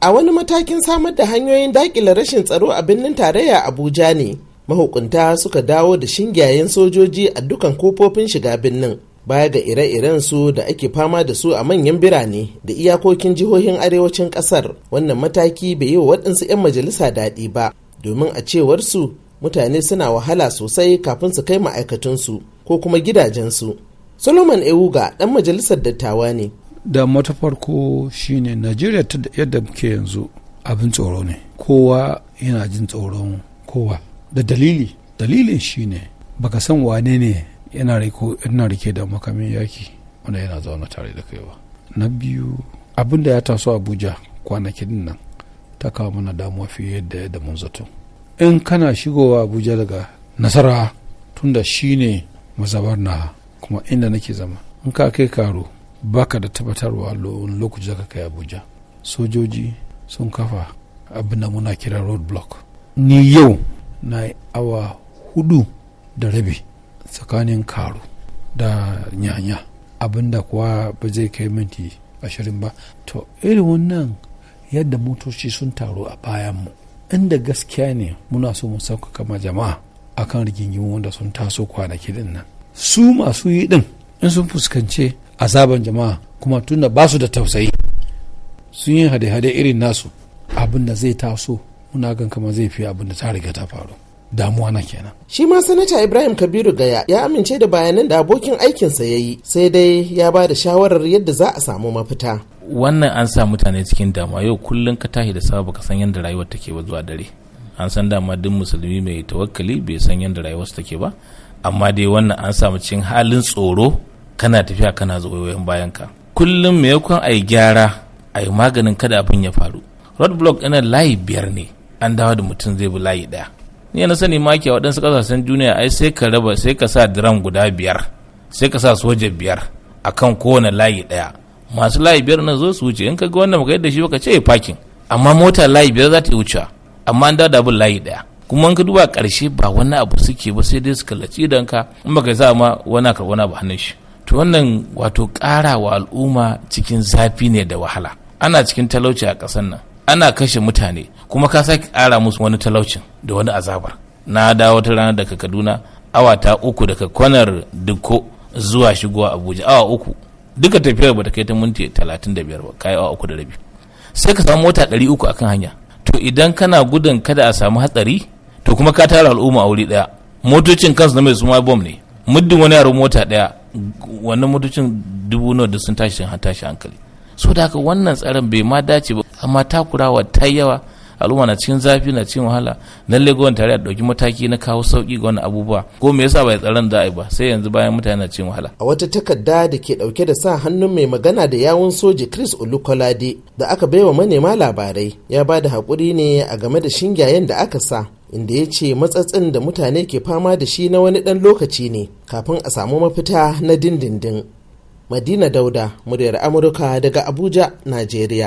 a wani matakin samar da hanyoyin dakile rashin tsaro a birnin tarayya abuja ne mahukunta suka dawo da shingayen sojoji a dukan kofofin shiga birnin baya ga ire-iren su da ake fama da su a manyan birane da iyakokin jihohin arewacin kasar wannan mataki bai yi wa waɗansu 'yan majalisa daɗi ba domin a cewar su mutane suna wahala sosai kafin su kai ma'aikatunsu ko kuma gidajensu solomon ewuga ɗan majalisar dattawa ne da mata farko shine najeriya ta yadda muke yanzu abin tsoro ne kowa yana jin tsoron kowa da dalili dalilin shine baka san wane ne yana rike da makamin yaki wanda yana zaune tare da kai ba na biyu abin da ya taso abuja kwanakin nan ta kawo mana damuwa fiye da yadda mun zato in kana shigowa abuja daga nasara tunda shine mazabar na kuma inda nake zama in ka kai karo baka da tabbatarwa lokaci ka kai abuja sojoji sun kafa abin da muna kira road block ni yau na awa hudu da rabi tsakanin karu da nyanya da kuwa ba zai kai minti ashirin ba to irin wannan yadda motoci sun taru a bayanmu inda gaskiya ne muna so mu sauƙaƙa ma jama'a akan rigingimu wanda sun taso kwanaki din nan su masu yi din in sun fuskance azaban jama'a kuma tunda ba su da tausayi sun yi hade-hade irin nasu abin da zai taso muna gan kama zai fi abin da ta riga ta faru damuwa na kenan. Shi ma sanata Ibrahim Kabiru Gaya ya amince da bayanan da abokin aikinsa ya yi sai dai ya ba da shawarar yadda za a samu mafita. Wannan an sa mutane cikin damuwa yau kullum ka tashi da sabu ka san yadda rayuwar take ba zuwa dare. An san dama duk musulmi mai tawakkali bai san yadda rayuwarsa take ba amma dai wannan an samu cikin halin tsoro kana tafiya kana zoyoyin bayan ka kullum maimakon a yi gyara a maganin kada abin ya faru block ɗin layi biyar ne an dawo da mutum zai bi layi ɗaya ni na sani ma ke waɗansu ƙasashen duniya ai sai ka raba sai ka sa diram guda biyar sai ka sa soja biyar akan kowane layi ɗaya masu layi biyar na zo su wuce in ka ga wannan baka yadda shi baka ce fakin eh, amma mota layi biyar za ta yi wucewa amma an dawo da abin layi ɗaya kuma in ka duba ƙarshe ba wani abu suke ba sai dai su kallaci idan ka in baka sa ma wani ka wani abu hannun shi to wannan wato ƙara wa al'umma cikin zafi ne da wahala ana cikin talauci a ƙasar nan ana kashe mutane kuma ka sake ƙara musu wani talaucin da wani azabar na dawo wata rana daga kaduna awa ta uku daga kwanar dukko zuwa shigowa abuja awa uku duka tafiyar ba ta kai ta minti talatin da biyar ba kayi awa uku da rabi sai ka samu mota ɗari uku akan hanya to idan kana gudun kada a samu hatsari to kuma ka tara al'umma a wuri ɗaya motocin kansu na mai suma bom ne muddin wani yaro mota ɗaya wannan motocin dubu nawa da sun tashi sun tashi hankali so da haka wannan tsarin bai ma dace ba amma takurawa ta yawa al'umma na cikin zafi na cikin wahala lalle lagos tare a ɗauki mataki na kawo sauki ga wani abubuwa ko me yasa bai tsaron da ai ba sai yanzu bayan mutane na cikin wahala a wata takarda da ke ɗauke da sa hannun mai magana da yawun soji Chris Olukolade da aka bai wa manema labarai ya ba da haƙuri ne a game da shingayen da aka sa inda ya ce matsatsin da mutane ke fama da shi na wani ɗan lokaci ne kafin a samu mafita na dindindin. Madina Dauda, muryar Amurka daga Abuja, Najeriya.